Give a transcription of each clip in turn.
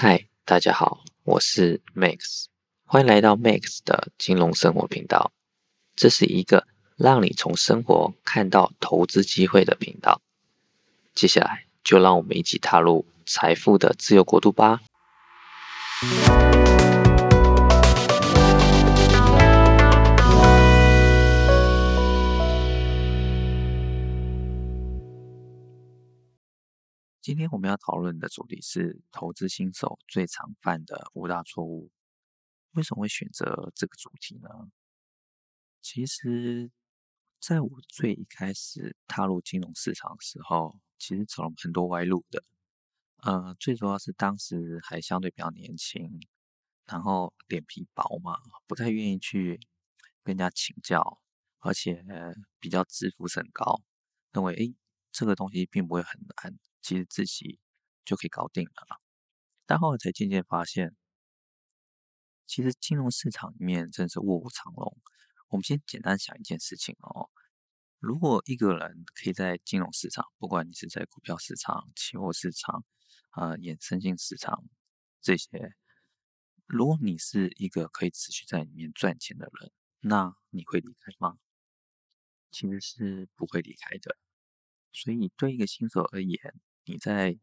嗨，大家好，我是 Max，歡迎來到 Max 的金融生活頻道。這是一個讓你從生活看到投資機會的頻道。接下來，就讓我們一起踏入財富的自由國度吧。今天我們要討論的主題是投資新手最常犯的五大錯誤。為什麼會選擇這個主題呢？其實，在我最一開始踏入金融市場的時候，其實走了很多歪路的。呃，最主要是當時還相對比較年輕，然後臉皮薄嘛，不太願意去跟人家請教，而且比較自負甚高，認為誒這個東西並不會很難。其實自己就可以搞定了啦。但後來才漸漸發現，其實金融市場裡面真是臥虎藏龍。我們先簡單想一件事情哦，如果一個人可以在金融市場，不管你是在股票市場、期貨市場、啊、呃、衍生性市場這些，如果你是一個可以持續在裡面賺錢的人，那你會離開嗎？其實是不會離開的。所以對一個新手而言，你在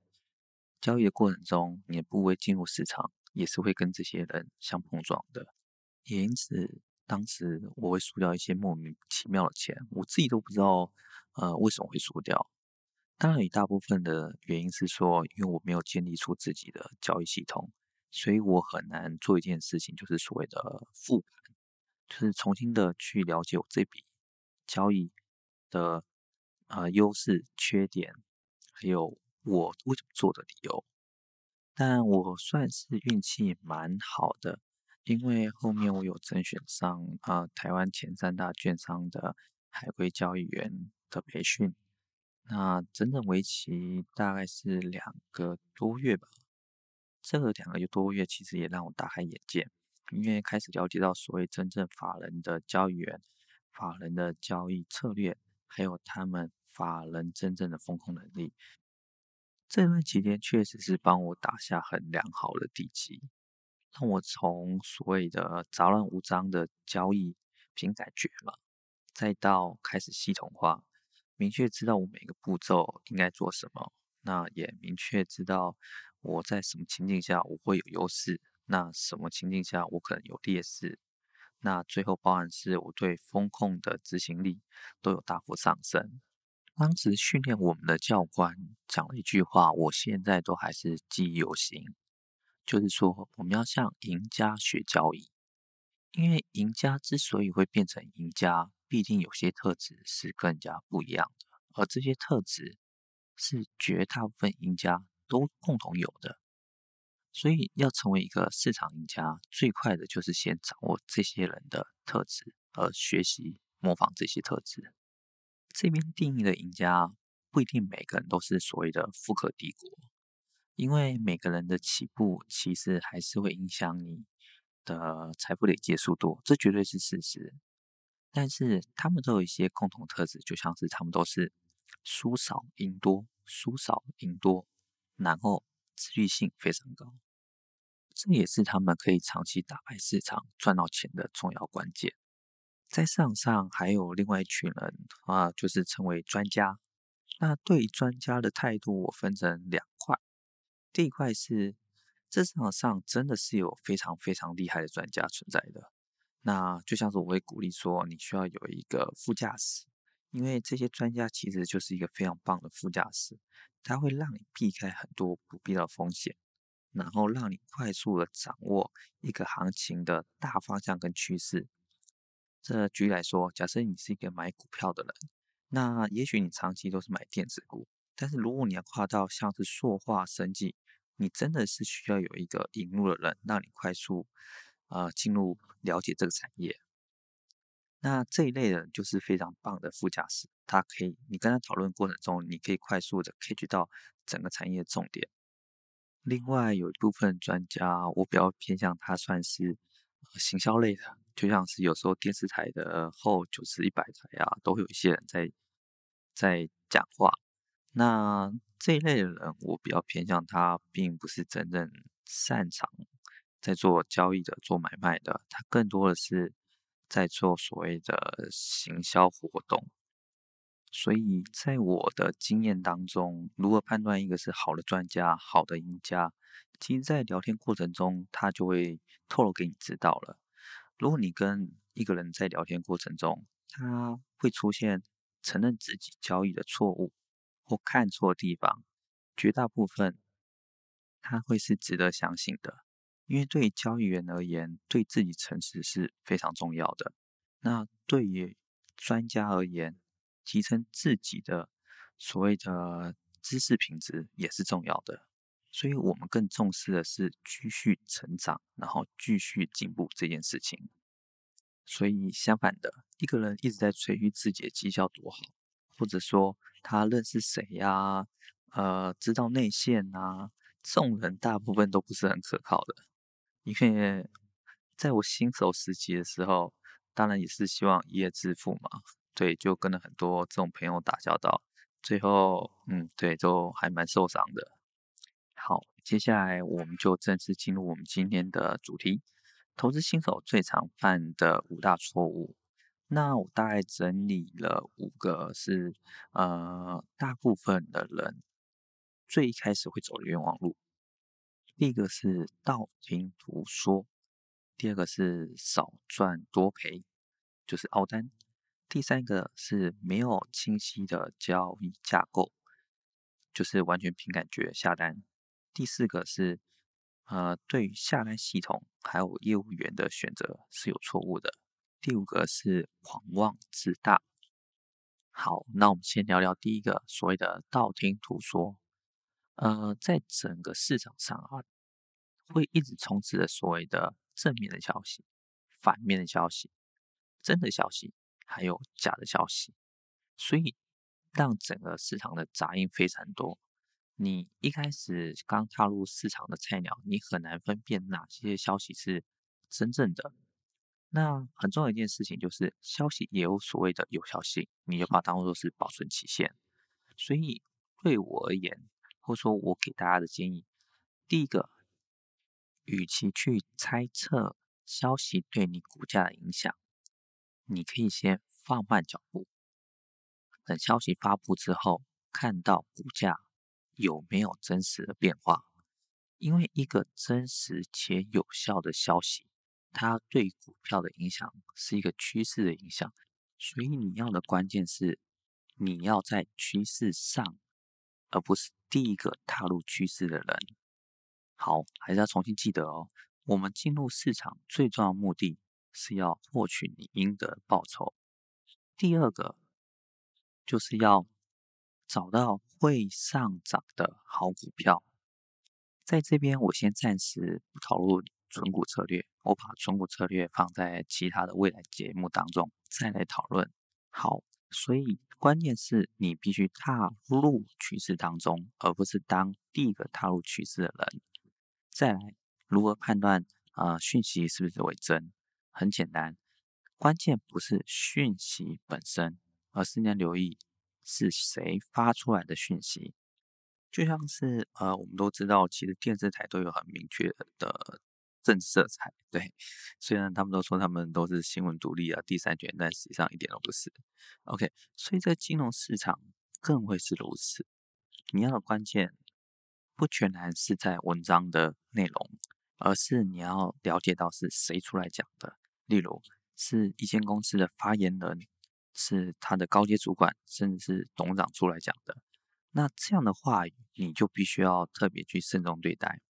交易的過程中，你不會進入市場，也是會跟這些人相碰撞的。也因此，當時我會輸掉一些莫名其妙的錢，我自己都不知道，呃，為什麼會輸掉。當然，一大部分的原因是說，因為我沒有建立出自己的交易系統，所以我很難做一件事情，就是所謂的複盤，就是重新的去了解我這筆交易的啊優勢、缺點，還有。我為什麼做的理由？但我算是運氣蠻好的，因為後面我有甄選上啊、呃、台灣前三大券商的海歸交易員的培訓。那整整為期大概是兩個多月吧，這個兩個多月其實也讓我大開眼界，因為開始了解到所謂真正法人的交易員、法人的交易策略，還有他們法人真正的風控能力。這段期間確實是幫我打下很良好的地基，讓我從所謂的雜亂無章的交易憑感覺嘛，再到開始系統化，明確知道我每個步驟應該做什麼，那也明確知道我在什麼情境下我會有優勢，那什麼情境下我可能有劣勢，那最後包含是我對風控的執行力都有大幅上升。當時訓練我們的教官講了一句話，我現在都還是記憶猶新。就是說，我們要向贏家學交易，因為贏家之所以會變成贏家，必定有些特質是跟人家不一樣的，而這些特質是絕大部分贏家都共同有的。所以，要成為一個市場贏家，最快的就是先掌握這些人的特質，而學習模仿這些特質。這邊定義的贏家不一定每個人都是所謂的富可敵國，因為每個人的起步其實還是會影響你的財富累積的速度，這絕對是事實。但是他們都有一些共同特質，就像是他們都是輸少贏多，輸少贏多，然後自律性非常高，這也是他們可以長期打敗市場賺到錢的重要關鍵。在市場上還有另外一群人啊，就是稱為專家。那對專家的態度，我分成兩塊。第一塊是，這市場上真的是有非常非常厲害的專家存在的。那就像是我會鼓勵說，你需要有一個副駕駛，因為這些專家其實就是一個非常棒的副駕駛，它會讓你避開很多不必要的風險，然後讓你快速的掌握一個行情的大方向跟趨勢。這舉例來說，假設你是一個買股票的人，那也許你長期都是買電子股，但是如果你要跨到像是塑化、生技，你真的是需要有一個引路的人，讓你快速呃進入了解這個產業。那這一類人就是非常棒的副駕駛，他可以，你跟他討論過程中，你可以快速的 catch 到整個產業的重點。另外有一部分專家，我比較偏向他算是，呃，行銷類的。就像是有時候電視台的後九十、一百台啊，都會有一些人在在講話。那這一類的人，我比較偏向他，並不是真正擅長在做交易的、做買賣的，他更多的是在做所謂的行銷活動。所以在我的經驗當中，如何判斷一個是好的專家、好的贏家，其實在聊天過程中，他就會透露給你知道了。如果你跟一個人在聊天過程中，他會出現承認自己交易的錯誤或看錯的地方，絕大部分他會是值得相信的，因為對於交易員而言，對自己誠實是非常重要的。那對於專家而言，提升自己的所謂的知識品質也是重要的。所以我們更重視的是繼續成長，然後繼續進步這件事情。所以相反的，一個人一直在吹噓自己的績效多好，或者說他認識誰呀、啊，呃，知道內線吶、啊，這種人大部分都不是很可靠的。因為在我新手時期的時候，當然也是希望一夜致富嘛，對，就跟了很多這種朋友打交道，最後，嗯，對，都還蠻受傷的。好，接下來我們就正式進入我們今天的主題：投資新手最常犯的五大錯誤。那我大概整理了五個，是呃大部分的人最開始會走的冤枉路。第一個是道聽途說，第二個是少賺多賠，就是凹單；第三個是沒有清晰的交易架構，就是完全憑感覺下單。第四個是，呃，對於下單系統還有業務員的選擇是有錯誤的。第五個是狂妄自大。好，那我們先聊聊第一個，所謂的道聽途說。呃，在整個市場上啊，會一直充斥着所謂的正面的消息、反面的消息、真的消息還有假的消息，所以讓整個市場的雜音非常多。你一開始剛踏入市場的菜鳥，你很難分辨哪些消息是真正的。那很重要一件事情就是，消息也有所謂的有效性，你就把它當做是保存期限。所以對我而言，或說我給大家的建議，第一個，與其去猜測消息對你股價的影響，你可以先放慢腳步，等消息發布之後，看到股價。有沒有真實的變化？因為一個真實且有效的消息，它對股票的影響是一個趨勢的影響。所以你要的關鍵是，你要在趨勢上，而不是第一個踏入趨勢的人。好，還是要重新記得哦，我們進入市場最重要的目的是要獲取你應得的報酬。第二個就是要找到。會上漲的好股票，在這邊我先暫時不討論存股策略，我把存股策略放在其他的未來節目當中再來討論。好，所以關鍵是你必須踏入趨勢當中，而不是當第一個踏入趨勢的人。再來，如何判斷啊訊息是不是為真？很簡單，關鍵不是訊息本身，而是你要留意，是誰發出來的訊息？就像是呃，我們都知道，其實電視台都有很明確的，的政治色彩。對，雖然他們都說他們都是新聞獨立啊、第三權，但實際上一點都不是。OK，所以在金融市場更會是如此。你要的關鍵不全然是在文章的內容，而是你要了解到是誰出來講的。例如，是一間公司的發言人。是他的高階主管，甚至是董事長出來講的，那這樣的話，你就必須要特別去慎重對待。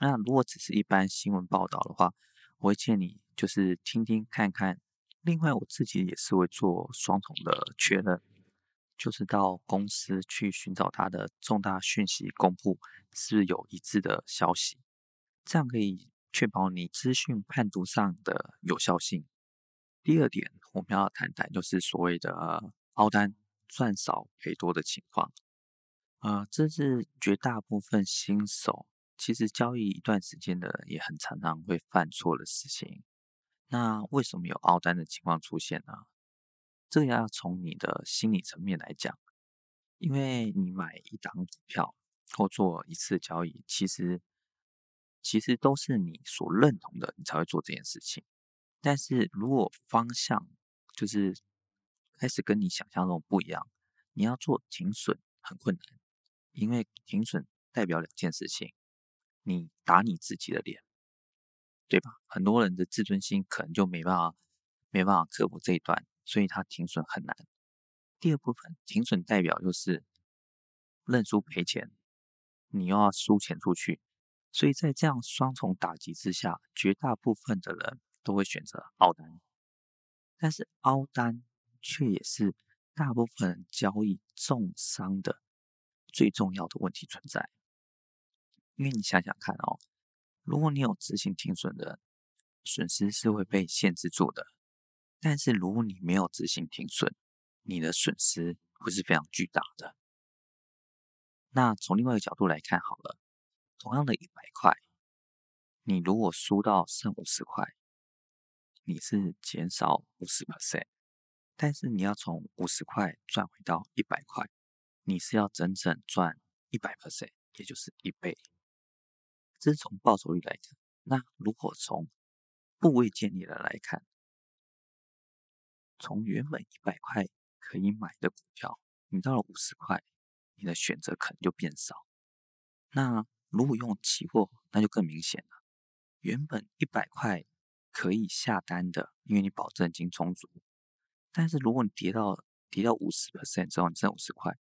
那如果只是一般新聞報道的話，我會建議你就是聽聽看看。另外，我自己也是會做雙重的確認，就是到公司去尋找他的重大訊息公布是不是有一致的消息，這樣可以確保你資訊判讀上的有效性。第二點，我們要談談就是所謂的凹單賺少賠多的情況。呃，這是絕大部分新手，其實交易一段時間的人也很常常會犯錯的事情。那為什麼有凹單的情況出現呢？這個要從你的心理層面來講，因為你買一檔股票或做一次交易，其實其實都是你所認同的，你才會做這件事情。但是如果方向就是開始跟你想象中不一樣，你要做停損很困難，因為停損代表兩件事情，你打你自己的臉，對吧？很多人的自尊心可能就沒辦法、沒辦法克服這一段，所以他停損很難。第二部分，停損代表就是認輸賠錢，你又要輸錢出去，所以在這樣雙重打擊之下，絕大部分的人。都會選擇凹單，但是凹單卻也是大部分人交易重傷的最重要的問題存在。因為你想想看哦，如果你有執行停損的，損失是會被限制住的；但是如果你沒有執行停損，你的損失會是非常巨大的。那從另外一個角度來看好了，同樣的一百塊，你如果輸到剩五十塊。你是減少五十 percent，但是你要從五十塊賺回到一百塊，你是要整整賺一百 percent，也就是一倍。這是從報酬率來看，那如果從部位建立的來看，從原本一百塊可以買的股票，你到了五十塊，你的選擇可能就變少。那如果用期貨，那就更明顯了，原本一百塊。可以下單的，因為你保證金充足。但是如果你跌到跌到五十 percent 之後，你剩五十塊，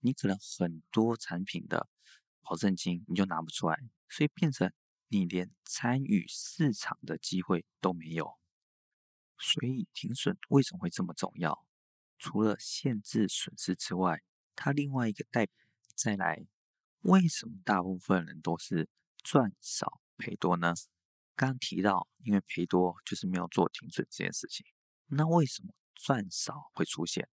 你可能很多產品的保證金你就拿不出來，所以變成你連參與市場的機會都沒有。所以停損為什麼會這麼重要？除了限制損失之外，它另外一個代表，再來，為什麼大部分人都是賺少賠多呢？剛剛提到，因為賠多就是沒有做停損這件事情，那為什麼賺少會出現？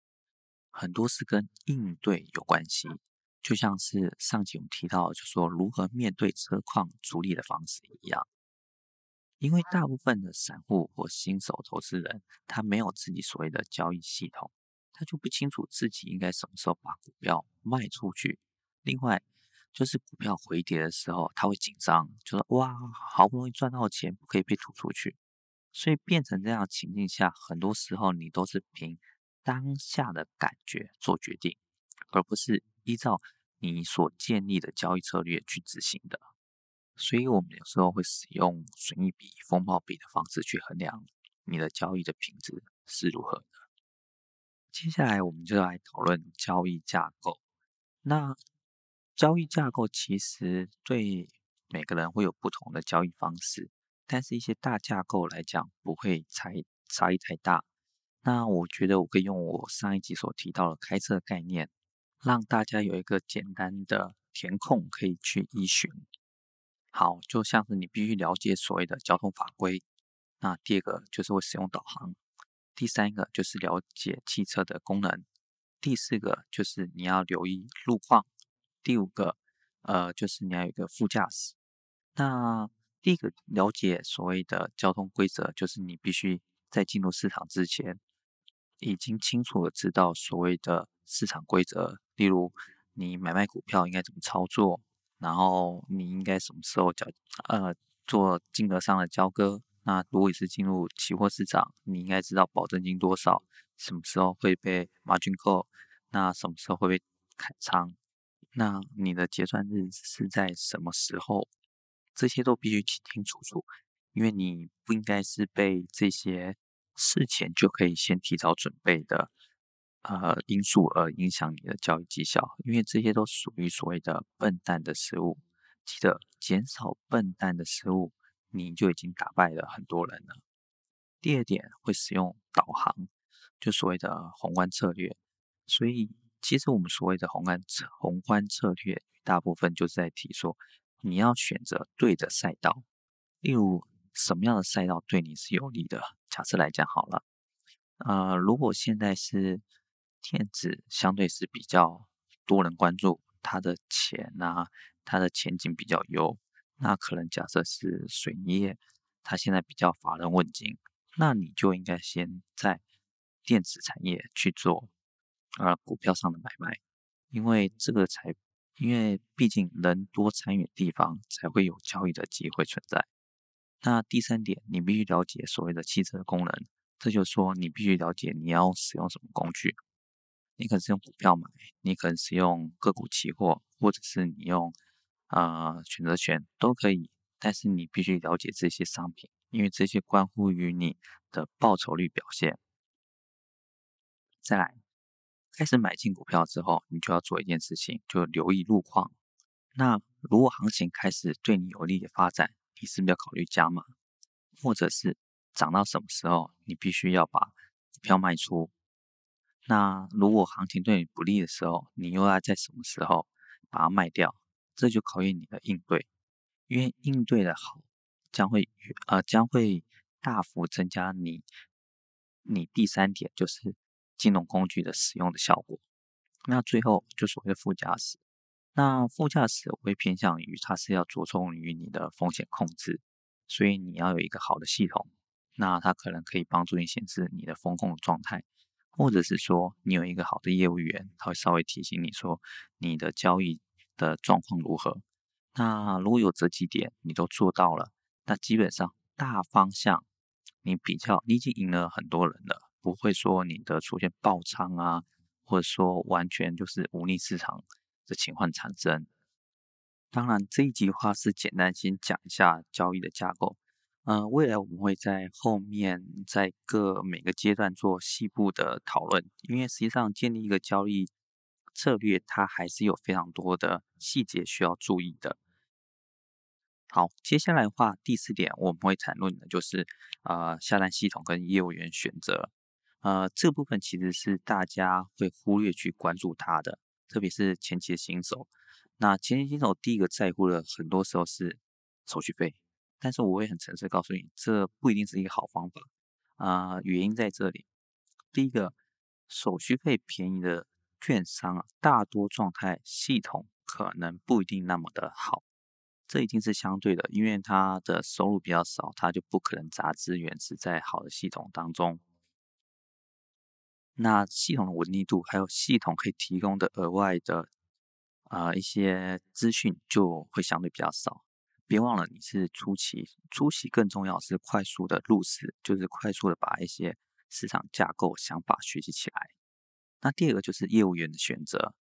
很多是跟應對有關係，就像是上集我們提到，就是說如何面對車況處理的方式一樣，因為大部分的散戶或新手投資人，他沒有自己所謂的交易系統，他就不清楚自己應該什麼時候把股票賣出去。另外，就是股票回跌的時候，他會緊張，就說哇，好不容易賺到錢，不可以被吐出去，所以變成這樣的情境下，很多時候你都是憑當下的感覺做決定，而不是依照你所建立的交易策略去執行的。所以我們有時候會使用損益比、風暴比的方式去衡量你的交易的品質是如何的。接下來我們就來討論交易架構。那，交易架構其實對每個人會有不同的交易方式，但是一些大架構來講，不會差差異太大。那我覺得我可以用我上一集所提到的開車概念，讓大家有一個簡單的填空可以去依循。好，就像是你必須了解所謂的交通法規。那第二個就是會使用導航。第三個就是了解汽車的功能。第四個就是你要留意路況。第五個，呃，就是你要有一個副駕駛。那第一個，了解所謂的交通規則，就是你必須在進入市場之前，已經清楚的知道所謂的市場規則。例如，你買賣股票應該怎麼操作，然後你應該什麼時候交，呃，做金額上的交割。那如果你是進入期貨市場，你應該知道保證金多少，什麼時候會被 Margin code, 那什麼時候會被砍倉。那你的結算日是在什麼時候？這些都必須清清楚楚，因為你不應該是被這些事前就可以先提早準備的呃、因素而影響你的交易績效，因為這些都屬於所謂的笨蛋的失誤。記得減少笨蛋的失誤，你就已經打敗了很多人了。第二點，會使用導航，就所謂的宏觀策略，所以。其實我們所謂的宏觀策宏觀策略，大部分就是在提說，你要選擇對的賽道。例如，什麼樣的賽道對你是有利的？假設來講好了，呃，如果現在是電子，相對是比較多人關注，它的錢吶，啊，它的前景比較優，那可能假設是水泥業，它現在比較乏人問津，那你就應該先在電子產業去做。而、啊、股票上的買賣，因為這個才，因為畢竟人多參與的地方才會有交易的機會存在。那第三點，你必須了解所謂的汽車功能，這就是說你必須了解你要使用什麼工具。你可能是用股票買，你可能是用個股期貨，或者是你用啊、呃、選擇權都可以。但是你必須了解這些商品，因為這些關乎於你的報酬率表現。再來。開始買進股票之後，你就要做一件事情，就留意路況。那如果行情開始對你有利的發展，你是不是要考慮加碼？或者是漲到什麼時候，你必須要把股票賣出？那如果行情對你不利的時候，你又要在什麼時候把它賣掉？這就考驗你的應對，因為應對的好，將會呃將會大幅增加你你第三點就是。金融工具的使用的效果。那最後就所謂的副駕駛，那副駕駛我會偏向於它是要着重於你的風險控制，所以你要有一個好的系統，那它可能可以幫助你顯示你的風控狀態，或者是說你有一個好的業務員，他會稍微提醒你說你的交易的狀況如何。那如果有這幾點你都做到了，那基本上大方向你比較你已經贏了很多人了。不會說你的出現爆倉啊，或者說完全就是忤逆市場的情況產生。當然，這一集的話是簡單先講一下交易的架構。嗯、呃，未來我們會在後面在各每個階段做細部的討論，因為實際上建立一個交易策略，它還是有非常多的細節需要注意的。好，接下來的話，第四點我們會談論的，就是呃，下單系統跟業務員選擇。呃，這部分其實是大家會忽略去關注它的，特別是前期的新手。那前期新手第一個在乎的很多時候是手續費，但是我也很誠實告訴你，這不一定是一個好方法。啊、呃，原因在這裡。第一個，手續費便宜的券商啊，大多狀態系統可能不一定那麼的好。這一定是相對的，因為他的收入比較少，他就不可能砸資源是在好的系統當中。那系統的穩定度，還有系統可以提供的額外的啊、呃、一些資訊，就會相對比較少。別忘了，你是初期，初期更重要是快速的入市，就是快速的把一些市場架構想法學習起來。那第二個就是業務員的選擇，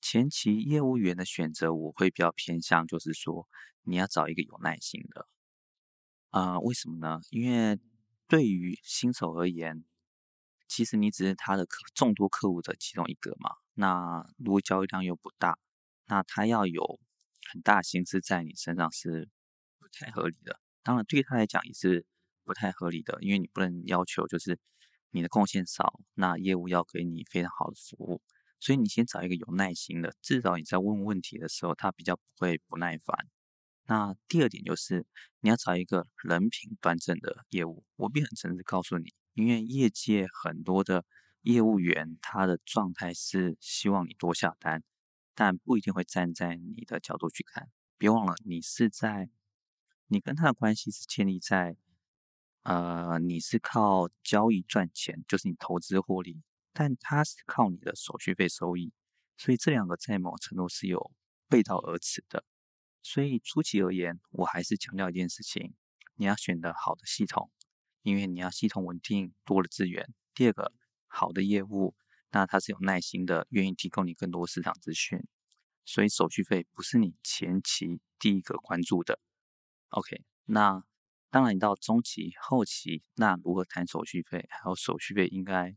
前期業務員的選擇，我會比較偏向，就是說你要找一個有耐心的啊、呃，為什麼呢？因為對於新手而言。其實你只是他的客眾多客戶的其中一個嘛，那如果交易量又不大，那他要有很大心思在你身上是不太合理的。當然，對於他來講也是不太合理的，因為你不能要求就是你的貢獻少，那業務要給你非常好的服務。所以你先找一個有耐心的，至少你在問問題的時候他比較不會不耐煩。那第二點就是你要找一個人品端正的業務，我必須很誠實告訴你。因為業界很多的業務員，他的狀態是希望你多下單，但不一定會站在你的角度去看。別忘了，你是在，你跟他的關係是建立在，呃，你是靠交易賺錢，就是你投資獲利，但他是靠你的手續費收益，所以這兩個在某程度是有背道而馳的。所以初期而言，我還是強調一件事情：你要選擇好的系統。因為你要系統穩定，多的資源。第二個，好的業務，那他是有耐心的，願意提供你更多市場資訊。所以手續費不是你前期第一個關注的。OK，那當然你到中期、後期，那如何談手續費，還有手續費應該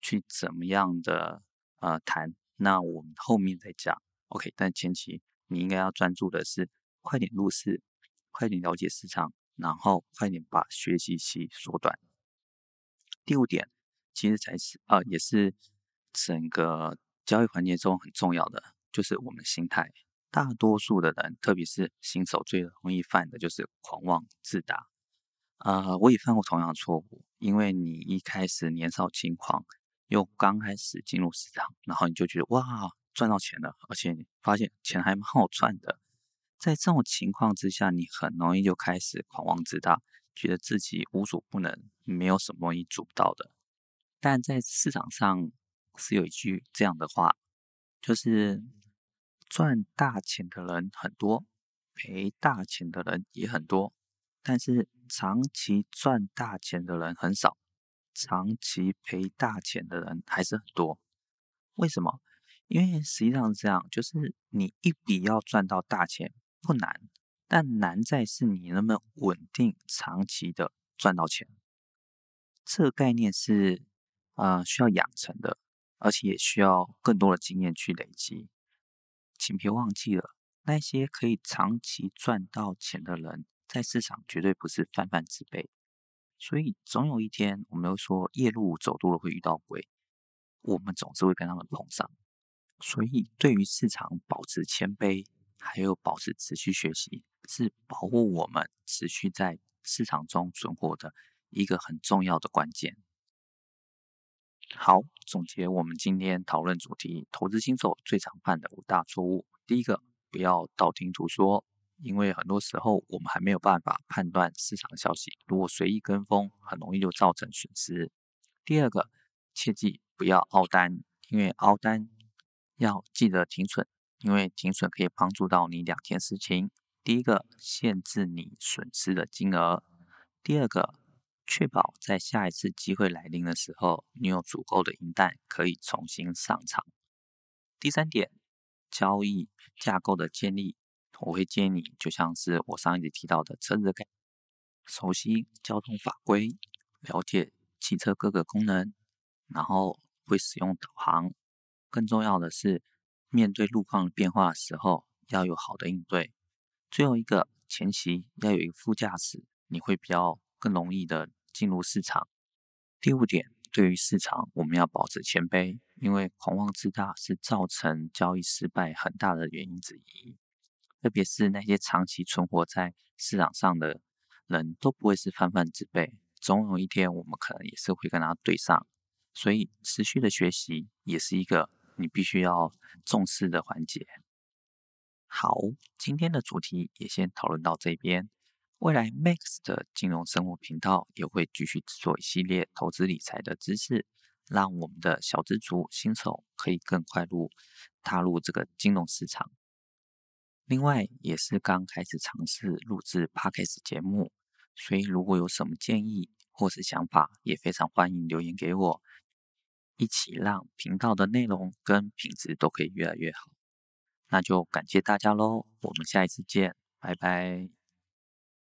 去怎麼樣的呃談，那我們後面再講。OK，但前期你應該要專注的是快點入市，快點了解市場。然後快點把學習期縮短。第五點，其實才是啊、呃，也是整個交易環節中很重要的，就是我們心態。大多數的人，特別是新手，最容易犯的就是狂妄自大。啊、呃，我也犯過同樣的錯誤，因為你一開始年少輕狂，又剛開始進入市場，然後你就覺得哇，賺到錢了，而且你發現錢還蠻好賺的。在這種情況之下，你很容易就開始狂妄自大，覺得自己無所不能，沒有什麼你做不到的。但在市場上是有一句這樣的話，就是賺大錢的人很多，賠大錢的人也很多，但是長期賺大錢的人很少，長期賠大錢的人還是很多。為什麼？因為實際上是這樣，就是你一筆要賺到大錢。不難，但難在是你能不能穩定長期的賺到錢。這個概念是啊，呃，需要養成的，而且也需要更多的經驗去累積。請別忘記了，那些可以長期賺到錢的人，在市場絕對不是泛泛之輩。所以總有一天，我們都說夜路走多了會遇到鬼，我們總是會跟他們碰上。所以對於市場保持謙卑。還有保持持續學習是保護我們持續在市場中存活的一個很重要的關鍵。好，總結我們今天討論主題：投資新手最常犯的五大錯誤。第一個，不要道聽途說，因為很多時候我們還沒有辦法判斷市場的消息，如果隨意跟風，很容易就造成損失。第二個，切記不要凹單，因為凹單要記得停損。因為停損，可以幫助到你兩件事情，第一個，限制你損失的金額；第二個，確保在下一次機會來臨的時候，你有足夠的銀彈可以重新上場。第三點，交易架構的建立，我會建議你就像是我上一次提到的車子改，熟悉交通法規，了解汽車各個功能，然後會使用導航。更重要的是。面對路況的變化的時候，要有好的應對。最後一個，前期要有一個副駕駛，你會比較更容易的進入市場。第五點，對於市場，我們要保持謙卑，因為狂妄自大是造成交易失敗很大的原因之一。特別是那些長期存活在市場上的人都不會是泛泛之輩，總有一天我們可能也是會跟他對上。所以，持續的學習也是一個。你必須要重視的環節。好，今天的主題也先討論到這邊。未來 Max 的金融生活頻道也會繼續制作一系列投資理財的知識，讓我們的小資族新手可以更快入踏入這個金融市場。另外，也是剛開始嘗試錄制 Podcast 節目，所以如果有什麼建議或是想法，也非常歡迎留言給我。一起讓頻道的內容跟品質都可以越來越好，那就感謝大家嘍，我們下一次見，拜拜。